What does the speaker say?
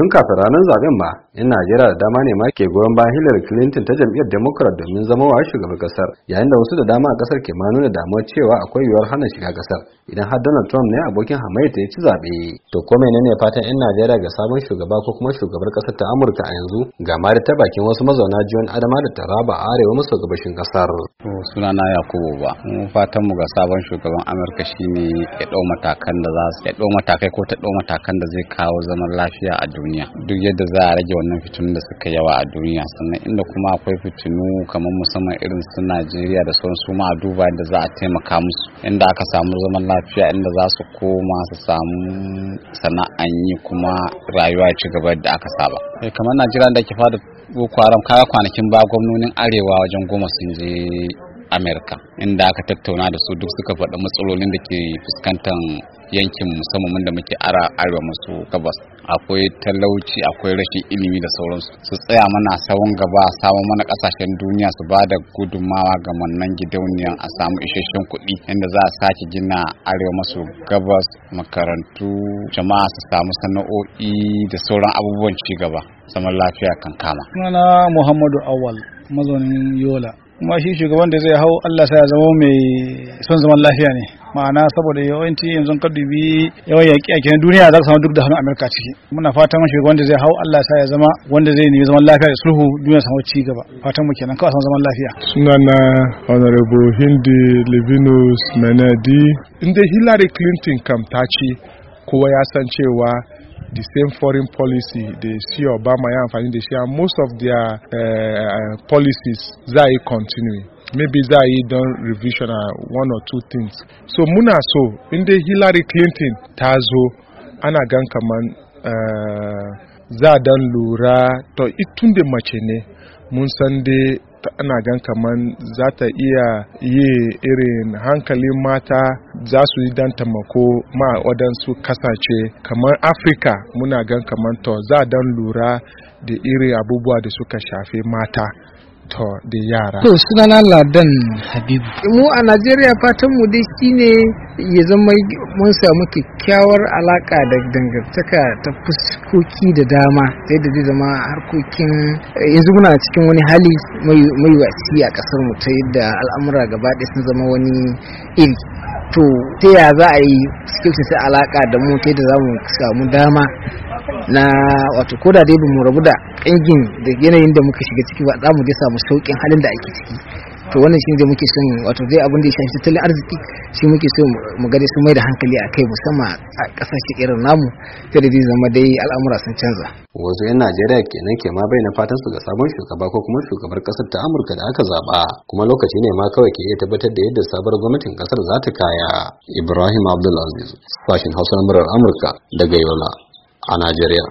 tun kafin ranar zaben ba yan najeriya da dama ne ma ke goyon bayan hillary clinton ta jam'iyyar democrat domin zama wa shugaban kasar yayin da wasu da dama a kasar ke ma nuna damuwar cewa akwai yiwuwar hana shiga kasar idan har donald trump ne abokin hamayya ya ci zaɓe to ko ne fatan yan najeriya ga sabon shugaba ko kuma shugabar kasar ta amurka a yanzu ga mari ta bakin wasu mazauna jiyon adama da taraba a arewa maso gabashin kasar sunana yakubu ba mu fatan mu ga sabon shugaban amurka shine ya ɗau matakan da za su ya ɗau matakai ko ta ɗau matakan da zai kawo zaman lafiya a duniya duniya duk yadda za a rage wannan fitinun da suka yawa a duniya sannan inda kuma akwai fitinu kamar musamman irin su najeriya da sauran su ma a duba yadda za a taimaka musu inda aka samu zaman lafiya inda za su koma su samu sana'an yi kuma rayuwa ci gaba da aka saba eh, kamar najeriya da ke fada boko haram kaga kwanakin ba gwamnonin arewa wajen goma sun je amerika inda aka tattauna da su duk suka faɗi matsalolin da ke fuskantar yankin musamman da muke ara arewa masu gabas akwai talauci akwai rashin ilimi da sauransu su tsaya mana sawon gaba samun mana kasashen duniya su ba da gudunmawa ga mannan gidauniyan a samu isasshen kuɗi inda za a sake gina arewa masu gabas makarantu jama'a su samu sana'o'i da sauran abubuwan ci gaba zaman lafiya kan kama. Sunana Muhammadu Awal mazaunin Yola. Kuma shi shugaban da zai hau Allah sa ya zama mai son zaman lafiya ne. ma'ana saboda yawanci yanzu ka dubi yawan yaƙi a kenan duniya za ka samu duk da hannun amurka ciki muna fatan shi wanda zai hau allah sa ya zama wanda zai nemi zaman lafiya da sulhu duniya samu ci gaba fatan mu kenan kawai samu zaman lafiya sunana honorable hindi livinus menadi inda hillary clinton kam ta ce kowa ya san cewa the same foreign policy they see obama ya amfani da shi most of their uh, policies za yi continuing maybe za a yi don revision a uh, one or two things so muna so inda hillary clinton ta zo ana gan kaman uh, za dan lura to itun da mace ne mun san dai ana gan kaman za ta iya yi irin hankalin mata za su yi dan tamako ma waɗansu kasashe kamar afirka muna gan kaman to za dan lura da irin abubuwa da suka shafi mata to da yara to sunana ladan habibu mu a najeriya fatan mu dai shine ya zama mun samu kyakkyawar alaka da dangantaka ta fuskoki da dama sai da zai zama harkokin yanzu muna cikin wani hali mai wasi a kasar mu ta yadda al'amura gaba ɗaya sun zama wani iri to ta ya za a yi sai alaka da mu ta yadda za mu samu dama na wato ko da dai ba mu rabu da ƙangin da yanayin da muka shiga ciki ba za mu dai samu sauƙin halin da ake ciki to wannan shi da muke son wato dai abin da ya shafi tattalin arziki shi muke so mu ga sun mai da hankali a kai musamman a ƙasashe irin namu sai da zai zama dai al'amura sun canza wasu 'yan najeriya kenan ke ma bai na fatan su ga sabon shugaba ko kuma shugabar kasar ta amurka da aka zaba kuma lokaci ne ma kawai ke iya tabbatar da yadda sabar gwamnatin kasar za ta kaya ibrahim abdulaziz sashen hausa na murar amurka daga yola a Najeriya.